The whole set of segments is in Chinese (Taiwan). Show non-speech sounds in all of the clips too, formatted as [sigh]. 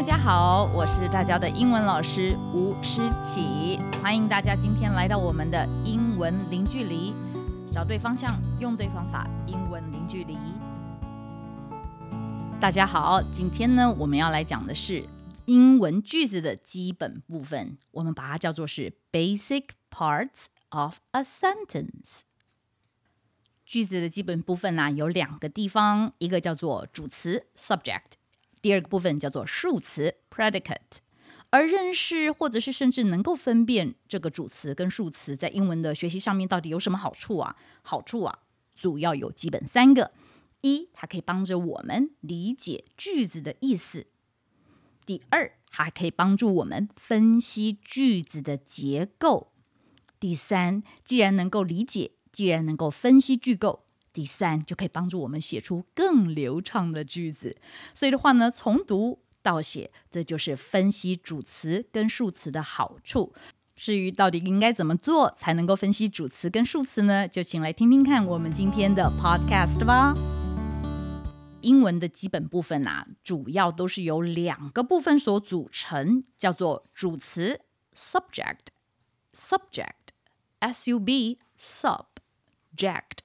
大家好，我是大家的英文老師吳詩綺，歡迎大家今天來到我們的英文零距離。找對方向，用對方法，英文零距離。大家好，今天呢，我們要來講的是英文句子的基本部分，我們把它叫做是 basic parts of a sentence。句子的基本部分呢、啊，有兩個地方，一個叫做主詞 subject。第二個部分叫做述詞 predicate，而認識或者是甚至能夠分辨這個主詞跟述詞，在英文的學習上面到底有什麼好處啊？好處啊，主要有基本三個：一，它可以幫着我們理解句子的意思；第二，它還可以幫助我們分析句子的結構；第三，既然能夠理解，既然能夠分析句構。第三，就可以幫助我們寫出更流暢的句子。所以的話呢，從讀到寫，這就是分析主詞跟述詞的好處。至於到底應該怎麼做才能夠分析主詞跟述詞呢？就請來聽聽看我們今天的 Podcast 吧。英文的基本部分啊，主要都是由兩個部分所組成，叫做主詞 （Subject），Subject，S-U-B，Subject。Subject, subject,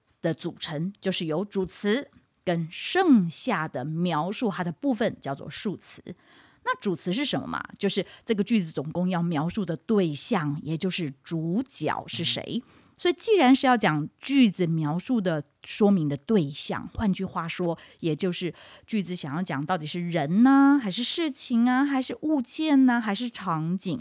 的組成就是由主詞跟剩下的描述它，的部分叫做述詞。那主詞是什麼嘛？就是這個句子總共要描述的對象，也就是主角是誰。嗯、所以既然是要講句子描述的說明的對象，換句話說，也就是句子想要講到底是人呢？、啊，還是事情啊，還是物件呢？、啊，還是場景？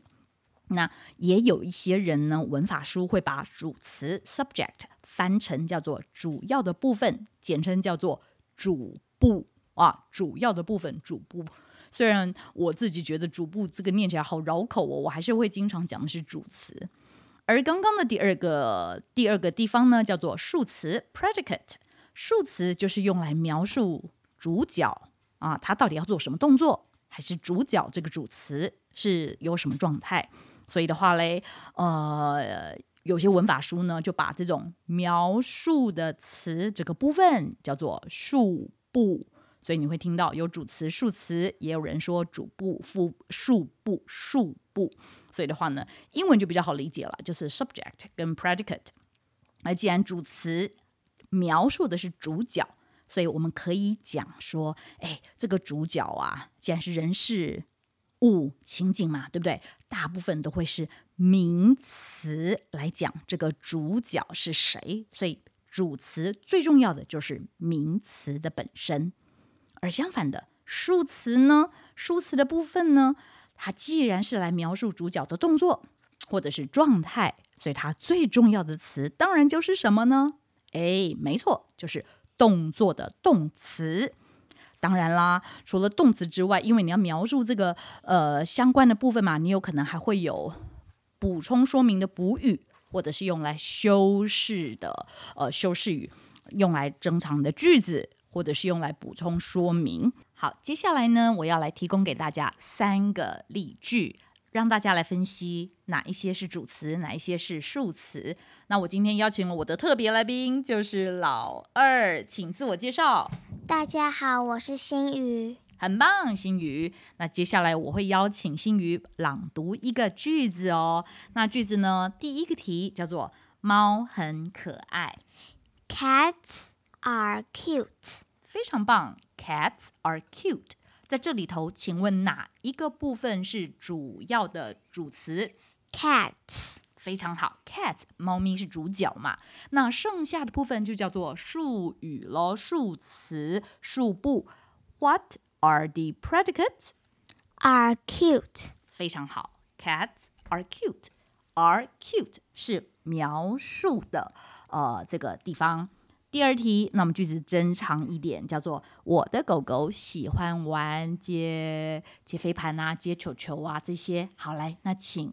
那也有一些人呢，文法書會把主詞 （subject） 翻成叫做主要的部分，簡稱叫做主部啊，主要的部分主部。雖然我自己覺得主部這個念起來好繞口哦，我還是會經常講的是主詞。而剛剛的第二個第二個地方呢，叫做述詞 （predicate）。述詞，述詞就是用來描述主角啊，他到底要做什麼動作，還是主角這個主詞是有什麼狀態。所以的話嘞，呃，有些文法書呢，就把這種描述的詞這個部分叫做述部。所以你會聽到有主詞、述詞，也有人說主部、副述部、述部。所以的話呢，英文就比較好理解了，就是 subject 跟 predicate。那既然主詞描述的是主角，所以我們可以講說，哎，這個主角啊，既然是人是。物情景嘛，對不對？大部分都會是名詞，來講這個主角是誰，所以主詞最重要的就是名詞的本身。而相反的，述詞呢，述詞的部分呢，它既然是來描述主角的動作或者是狀態，所以它最重要的詞當然就是什麼呢？誒，沒錯，就是動作的動詞。當然啦，除了動詞之外，因為你要描述這個呃相關的部分嘛，你有可能還會有補充說明的補語，或者是用來修飾的呃修飾語，用來增長的句子，或者是用來補充說明。好，接下來呢，我要來提供給大家三個例句，讓大家來分析，哪一些是主詞，哪一些是述詞？那我今天邀請了我的特別來賓，就是老二，請自我介紹。大家好，我是新宇，很棒，新宇。那接下來我會邀請新宇朗讀一個句子哦。那句子呢？第一個題叫做“貓很可愛”。Cats are cute。非常棒，Cats are cute。在這裡頭，請問哪一個部分是主要的主詞？Cats 非常好，Cat 貓咪是主角嘛？那剩下的部分就叫做述詞咯，述詞、述部。What are the predicates? Are cute。非常好，Cats are cute。Are cute 是描述的，呃，這個地方。第二題，那麼句子增長一點，叫做我的狗狗喜歡玩接接飛盤啊，接球球啊這些。好來，那請。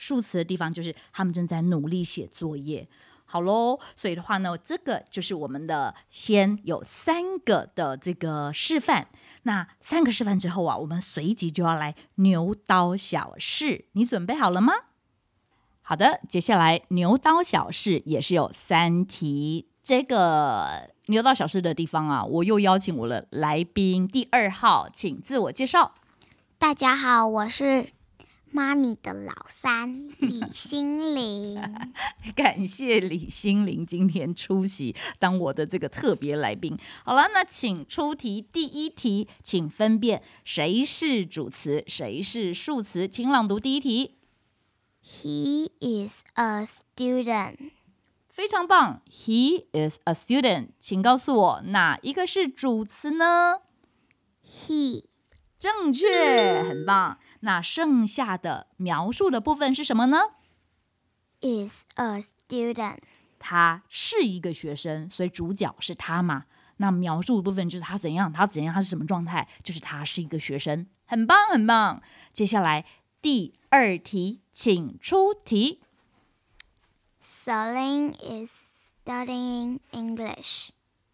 述詞的地方就是他們正在努力寫作業。好嘍，所以的話呢，這個就是我們的先有三個的這個示範。那三個示範之後啊，我們隨即就要來牛刀小試。你準備好了嗎？好的，接下來牛刀小試也是有三題。這個牛刀小試的地方啊，我又邀請我的來賓第二號，請自我介紹。大家好，我是。媽咪的老三李心凌， [laughs] 感謝李心凌今天出席當我的這個特別來賓。好了，那請出題，第一題，請分辨誰是主詞，誰是述詞，請朗讀第一題。He is a student。非常棒，He is a student，請告訴我哪一個是主詞呢？He，正確，很棒。那剩下的描述的部分是什麼呢？Is a student。他是一個學生，所以主角是他嘛？那描述的部分就是他怎樣，他怎樣，他是什麼狀態？就是他是一個學生，很棒，很棒。接下來第二題，請出題。Sally is studying English.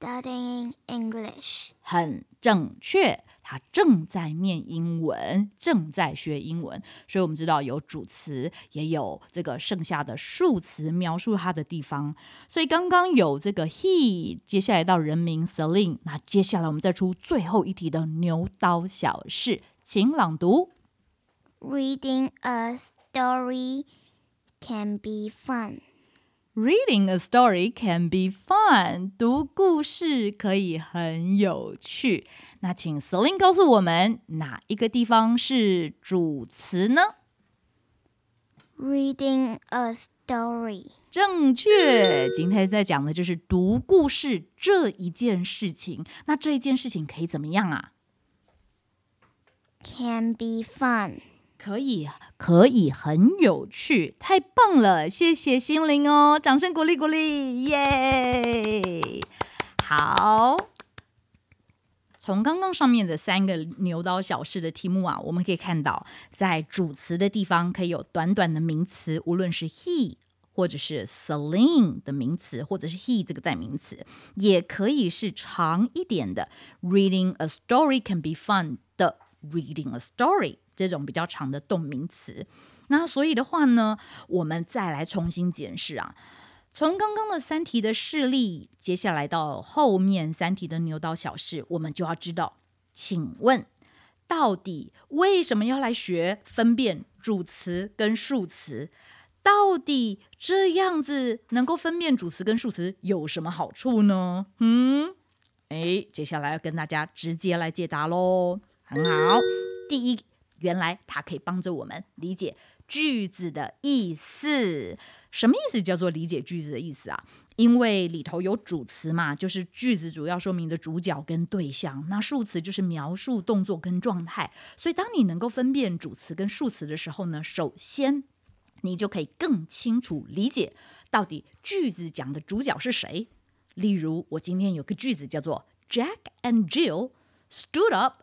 Studying English，很正確。他正在念英文，正在學英文。所以我們知道有主詞，也有這個剩下的述詞描述他的地方。所以剛剛有這個 he，接下來到人名 Celine。那接下來我們再出最後一題的牛刀小試，請朗讀。Reading a story can be fun. Reading a story can be fun. 讀故事可以很有趣。那請 Selina 告訴我們，哪一個地方是主詞呢？Reading a story. 正確。今天在講的就是讀故事這一件事情。那這一件事情可以怎麼樣啊？Can be fun. 可以，可以，很有趣，太棒了！謝謝心靈哦，掌聲鼓勵鼓勵，耶！好，從剛剛上面的三個牛刀小試的題目啊，我們可以看到，在主詞的地方可以有短短的名詞，無論是 he 或者是 Celine 的名詞，或者是 he 這個代名詞，也可以是長一點的 reading a story can be fun 的。Reading a story 這種比較長的動名詞，那所以的話呢，我們再來重新解釋啊。從剛剛的三題的事例，接下來到後面三題的牛刀小試，我們就要知道，請問到底為什麼要來學分辨主詞跟述詞？到底這樣子能夠分辨主詞跟述詞有什麼好處呢？嗯，哎，接下來要跟大家直接來解答嘍。很好，第一，原來它可以幫着我們理解句子的意思。什麼意思叫做理解句子的意思啊？因為裡頭有主詞嘛，就是句子主要說明的主角跟對象。那述詞就是描述動作跟狀態。所以當你能夠分辨主詞跟述詞的時候呢，首先你就可以更清楚理解到底句子講的主角是誰。例如，我今天有個句子叫做 Jack and Jill stood up。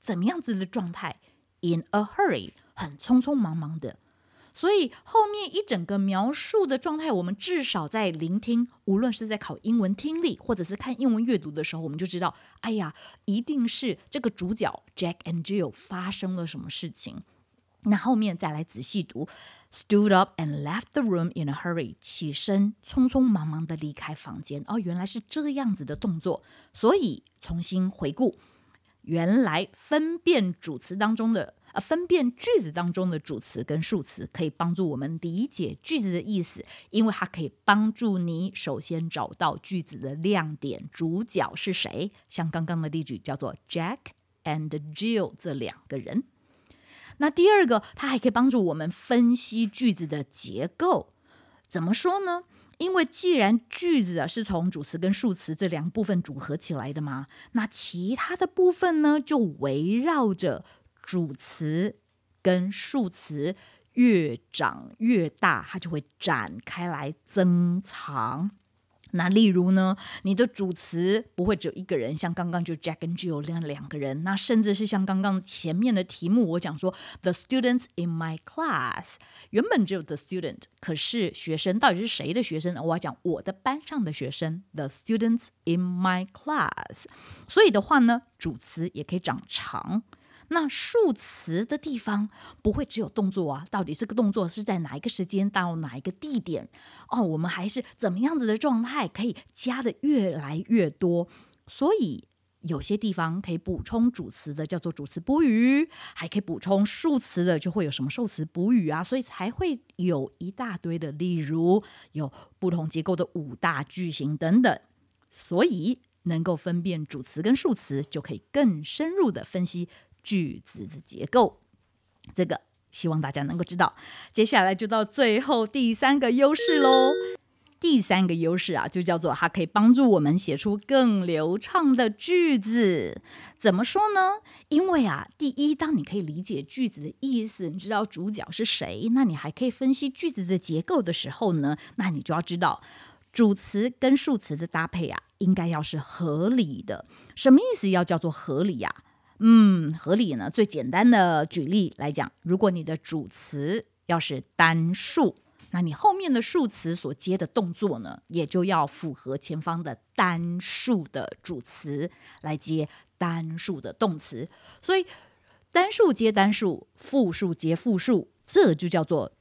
怎麼樣子的狀態？In a hurry，很匆匆忙忙的。所以後面一整個描述的狀態，我們至少在聆聽，無論是在考英文聽力或者是看英文閱讀的時候，我們就知道，哎呀，一定是這個主角 Jack and Jill 發生了什麼事情。那後面再來仔細讀，stood up and left the room in a hurry，起身匆匆忙忙的離開房間。哦，原來是這樣子的動作。所以重新回顧。原來分辨主詞當中的，呃、啊，分辨句子當中的主詞跟述詞，可以幫助我們理解句子的意思，因為它可以幫助你首先找到句子的亮點，主角是誰。像剛剛的例句叫做 Jack and Jill 這兩個人。那第二個，它還可以幫助我們分析句子的結構。怎麼說呢？因為既然句子啊是從主詞跟述詞這兩部分組合起來的嘛，那其他的部分呢就圍繞着主詞跟述詞越長越大，它就會展開來增長。那例如呢？你的主詞不會只有一個人，像剛剛就 Jack and Jill 那樣兩個人。那甚至是像剛剛前面的題目，我講說 The students in my class 原本只有 the student，可是學生到底是誰的學生呢？我要講我的班上的學生 The students in my class。所以的話呢，主詞也可以長長。那述詞的地方不會只有動作啊，到底這個動作是在哪一個時間、到哪一個地點哦？我們還是怎麼樣子的狀態，可以加得越來越多，所以有些地方可以補充主詞的叫做主詞補語，還可以補充述詞的就會有什麼受詞補語啊，所以才會有一大堆的，例如有不同結構的五大句型等等，所以能夠分辨主詞跟述詞，就可以更深入地分析，句子的結構，這個希望大家能夠知道。接下來就到最後第三個優勢嘍。嗯、第三個優勢啊，就叫做它可以幫助我們寫出更流暢的句子。怎麼說呢？因為啊，第一，當你可以理解句子的意思，你知道主角是誰，那你還可以分析句子的結構的時候呢，那你就要知道主詞跟述詞的搭配啊，應該要是合理的。什麼意思？要叫做合理呀、啊？嗯，合理呢。最簡單的舉例來講，如果你的主詞要是單數，那你後面的述詞所接的動作呢，也就要符合前方的單數的主詞，來接單數的動詞。所以，單數接單數，複數接複數，這就叫做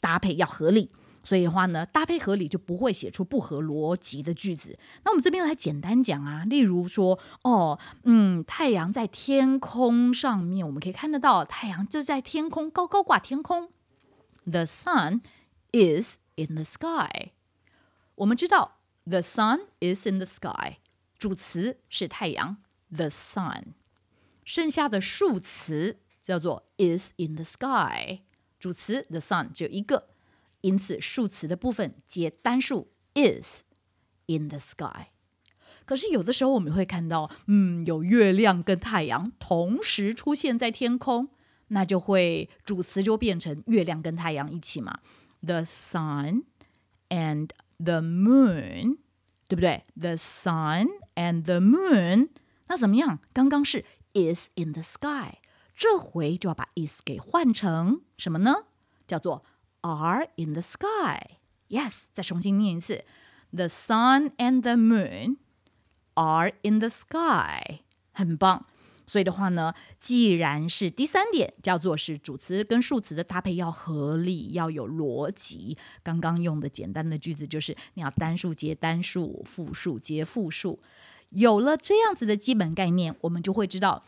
搭配要合理。所以的話呢，搭配合理就不會寫出不合邏輯的句子。那我們這邊來簡單講啊，例如說，哦，嗯，太陽在天空上面，我們可以看得到，太陽就在天空高高掛天空。The sun is in the sky。我們知道，the sun is in the sky，主詞是太陽，the sun，剩下的述詞叫做 is in the sky，主詞 the sun 只有一個。因此，數詞的部分接單數 is in the sky。可是有的時候我們會看到，嗯，有月亮跟太陽同時出現在天空，那就會主詞就變成月亮跟太陽一起嘛。The sun and the moon，對不對？The sun and the moon。那怎麼樣？剛剛是 is in the sky，這回就要把 is 給換成什麼呢？叫做 are in the sky. Yes，再重新念一次。The sun and the moon are in the sky. 很棒。所以的話呢，既然是第三點，叫做是主詞跟述詞的搭配要合理，要有邏輯。剛剛用的簡單的句子就是，你要單數接單數，複數接複數。有了這樣子的基本概念，我們就會知道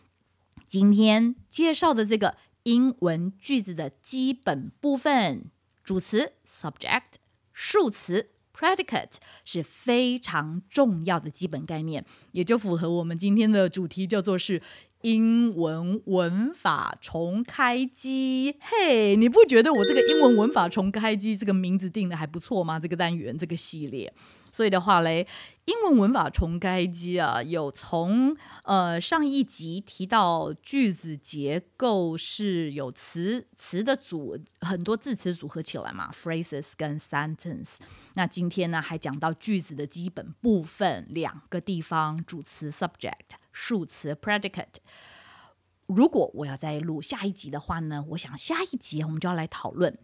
今天介紹的這個英文句子的基本部分。主詞、subject，述詞、predicate 是非常重要的基本概念，也就符合我們今天的主題，叫做是英文文法重開機。嘿、Hey，你不覺得我這個英文文法重開機這個名字定的還不錯嗎？這個單元，這個系列。所以的話嘞，英文文法重開機啊，有從呃上一集提到句子結構是有詞詞的組，很多字詞組合起來嘛，phrases 跟 sentence。那今天呢還講到句子的基本部分兩個地方，主詞 subject，述詞 predicate。如果我要再錄下一集的話呢，我想下一集我們就要來討論。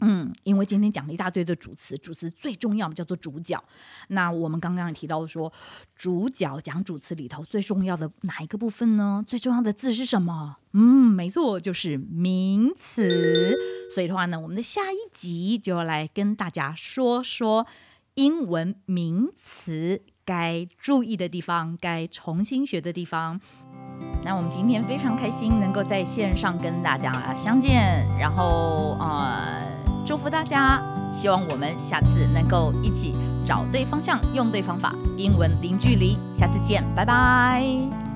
嗯，因為今天講了一大堆的主詞，主詞最重要嘛，叫做主角。那我們剛剛也提到說，主角講主詞裡頭最重要的哪一個部分呢？最重要的字是什麼？嗯，沒錯，就是名詞。所以的話呢，我們的下一集就要來跟大家說說英文名詞該注意的地方，該重新學的地方。那我們今天非常開心能夠在線上跟大家啊相見，然後，呃。祝福大家！希望我們下次能夠一起找對方向，用對方法，英文零距離。下次見，拜拜。